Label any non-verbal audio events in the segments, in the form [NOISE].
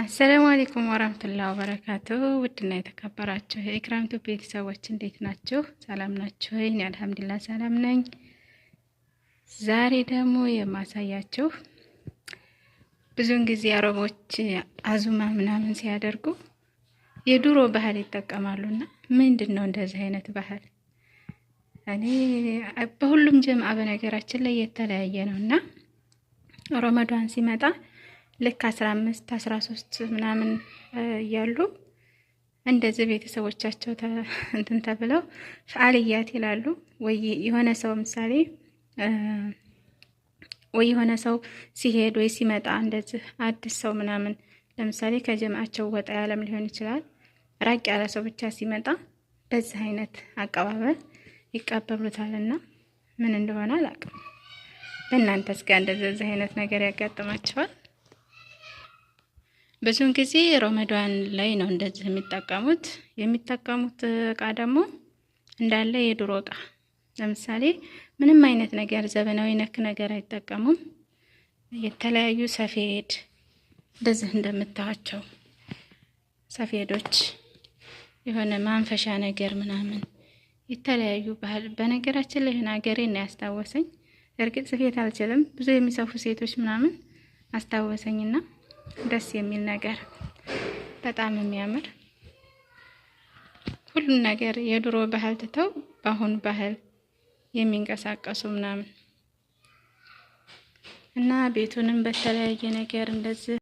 አሰላሙ አሌይኩም ወራህመቱላሂ ወበረካቱ ውድና የተከበራችሁ የኢክራምቱ ቤተሰቦች እንዴት ናችሁ? ሰላም ናችሁ? እኔ አልሐምዱሊላህ ሰላም ነኝ። ዛሬ ደግሞ የማሳያችሁ ብዙውን ጊዜ አረቦች አዙማ ምናምን ሲያደርጉ የድሮ ባህል ይጠቀማሉና ምንድን ነው እንደዚህ አይነት ባህል? እኔ በሁሉም ጀምአ በነገራችን ላይ የተለያየ ነውና ረመዷን ሲመጣ ልክ አስራ አምስት አስራ ሶስት ምናምን እያሉ እንደዚህ ቤተሰቦቻቸው [LAUGHS] እንትን ተብለው ፈአልያት ይላሉ። ወይ የሆነ ሰው ምሳሌ ወይ የሆነ ሰው ሲሄድ ወይ ሲመጣ እንደዚህ አዲስ ሰው ምናምን ለምሳሌ ከጀምአቸው ወጣ ያለም ሊሆን ይችላል። ራቅ ያለ ሰው ብቻ ሲመጣ በዚህ አይነት አቀባበል ይቀበሉታልና ምን እንደሆነ አላቅም። በእናንተ ጋር እንደዚህ አይነት ነገር ያጋጥማቸዋል? ብዙውን ጊዜ ሮመዳን ላይ ነው እንደዚህ የሚጠቀሙት። የሚጠቀሙት እቃ ደግሞ እንዳለ የድሮ እቃ፣ ለምሳሌ ምንም አይነት ነገር ዘመናዊ ነክ ነገር አይጠቀሙም። የተለያዩ ሰፌድ እንደዚህ እንደምታዋቸው ሰፌዶች፣ የሆነ ማንፈሻ ነገር ምናምን የተለያዩ ባህል። በነገራችን ላይ ይህን ሀገሬ ነው ያስታወሰኝ። እርግጥ ስፌት አልችልም፣ ብዙ የሚሰፉ ሴቶች ምናምን አስታወሰኝና ደስ የሚል ነገር በጣም የሚያምር ሁሉም ነገር የድሮ ባህል ትተው በአሁን ባህል የሚንቀሳቀሱ ምናምን እና ቤቱንም በተለያየ ነገር እንደዚህ።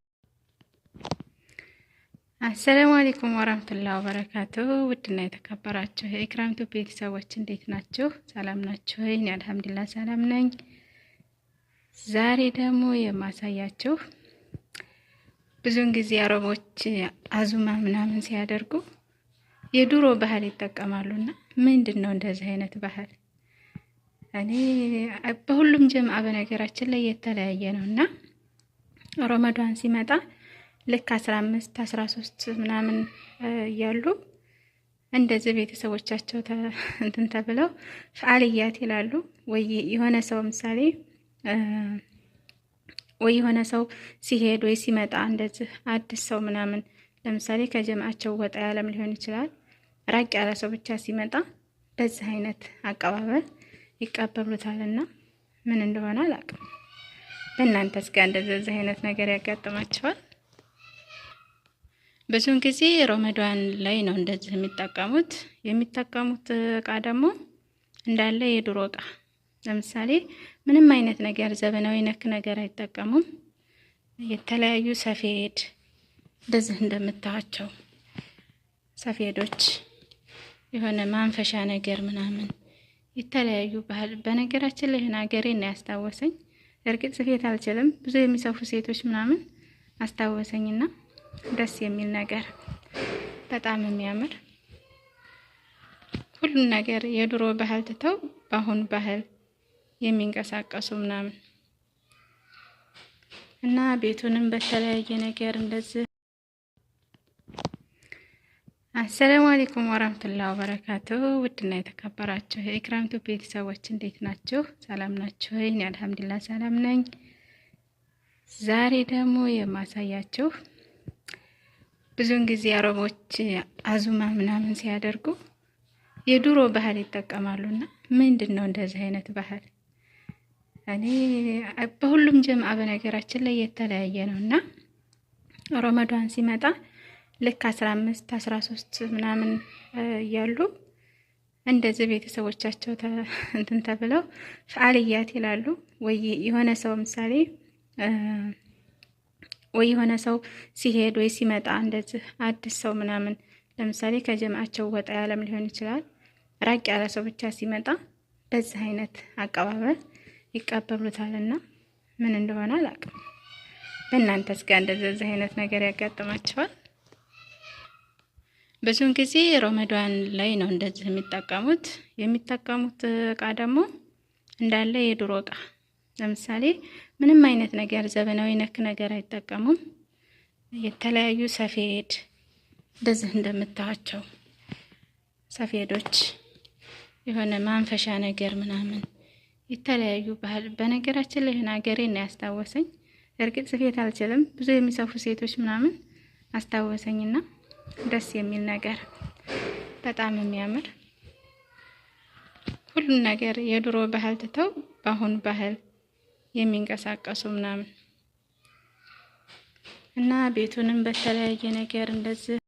አሰላሙ አሌይኩም ወራህመቱላሂ ወበረካቱ። ውድና የተከበራችሁ የኢክራምቱ ቤተሰቦች እንዴት ናችሁ? ሰላም ናችሁ? እኔ አልሐምዱሊላህ ሰላም ነኝ። ዛሬ ደግሞ የማሳያችሁ ብዙውን ጊዜ አረቦች አዙማ ምናምን ሲያደርጉ የድሮ ባህል ይጠቀማሉና ምንድን ነው እንደዚህ አይነት ባህል? እኔ በሁሉም ጀምአ በነገራችን ላይ የተለያየ ነው እና ረመዷን ሲመጣ ልክ አስራ አምስት አስራ ሶስት ምናምን እያሉ እንደዚህ ቤተሰቦቻቸው እንትን ተብለው ፈአልያት ይላሉ ወይ የሆነ ሰው ምሳሌ ወይ የሆነ ሰው ሲሄድ ወይ ሲመጣ እንደዚህ አዲስ ሰው ምናምን ለምሳሌ ከጀማቸው ወጣ ያለም ሊሆን ይችላል። ራቅ ያለ ሰው ብቻ ሲመጣ በዚህ አይነት አቀባበል ይቀበሉታልና ምን እንደሆነ አላውቅም። በእናንተ ጋር እንደዚህ አይነት ነገር ያጋጥማቸዋል? ብዙውን ጊዜ ሮመዷን ላይ ነው እንደዚህ የሚጠቀሙት። የሚጠቀሙት እቃ ደግሞ እንዳለ የድሮ እቃ ለምሳሌ ምንም አይነት ነገር ዘመናዊ ነክ ነገር አይጠቀሙም። የተለያዩ ሰፌድ እንደዚህ እንደምታቸው ሰፌዶች የሆነ ማንፈሻ ነገር ምናምን የተለያዩ ባህል በነገራችን ላይ ይህን ሀገሬ ና ያስታወሰኝ እርግጥ ስፌት አልችልም፣ ብዙ የሚሰፉ ሴቶች ምናምን አስታወሰኝና ደስ የሚል ነገር በጣም የሚያምር ሁሉን ነገር የድሮ ባህል ትተው በአሁኑ ባህል የሚንቀሳቀሱ ምናምን እና ቤቱንም በተለያየ ነገር እንደዚህ አሰላሙ አለይኩም ወራህመቱላሂ ወበረካቱ። ውድና የተከበራችሁ የኢክራምቱ ቤተሰቦች እንዴት ናችሁ? ሰላም ናችሁ? እኔ አልሐምዱሊላህ ሰላም ነኝ። ዛሬ ደግሞ የማሳያችሁ ብዙውን ጊዜ አረቦች አዙማ ምናምን ሲያደርጉ የድሮ ባህል ይጠቀማሉና ምንድን ነው እንደዚህ አይነት ባህል እኔ በሁሉም ጀምአ በነገራችን ላይ የተለያየ ነው እና ረመዷን ሲመጣ ልክ አስራ አምስት አስራ ሶስት ምናምን እያሉ እንደዚህ ቤተሰቦቻቸው እንትን ተብለው ፈአልያት ይላሉ። ወይ የሆነ ሰው ምሳሌ ወይ የሆነ ሰው ሲሄድ ወይ ሲመጣ እንደዚህ አዲስ ሰው ምናምን ለምሳሌ ከጀምአቸው ወጣ ያለም ሊሆን ይችላል። ራቅ ያለ ሰው ብቻ ሲመጣ በዚህ አይነት አቀባበል ይቀበሉታል እና ምን እንደሆነ አላውቅም። በእናንተ ጋር እንደዚህ አይነት ነገር ያጋጥማቸዋል? ብዙውን ጊዜ ሮመዳን ላይ ነው እንደዚህ የሚጠቀሙት። የሚጠቀሙት እቃ ደግሞ እንዳለ የድሮ እቃ ለምሳሌ ምንም አይነት ነገር ዘመናዊ ነክ ነገር አይጠቀሙም። የተለያዩ ሰፌድ እንደዚህ እንደምታዋቸው ሰፌዶች የሆነ ማንፈሻ ነገር ምናምን የተለያዩ ባህል በነገራችን ላይ ሀገሬን ያስታወሰኝ እርግጥ ስፌት አልችልም፣ ብዙ የሚሰፉ ሴቶች ምናምን አስታወሰኝና ደስ የሚል ነገር በጣም የሚያምር ሁሉም ነገር የድሮ ባህል ትተው በአሁኑ ባህል የሚንቀሳቀሱ ምናምን እና ቤቱንም በተለያየ ነገር እንደዚህ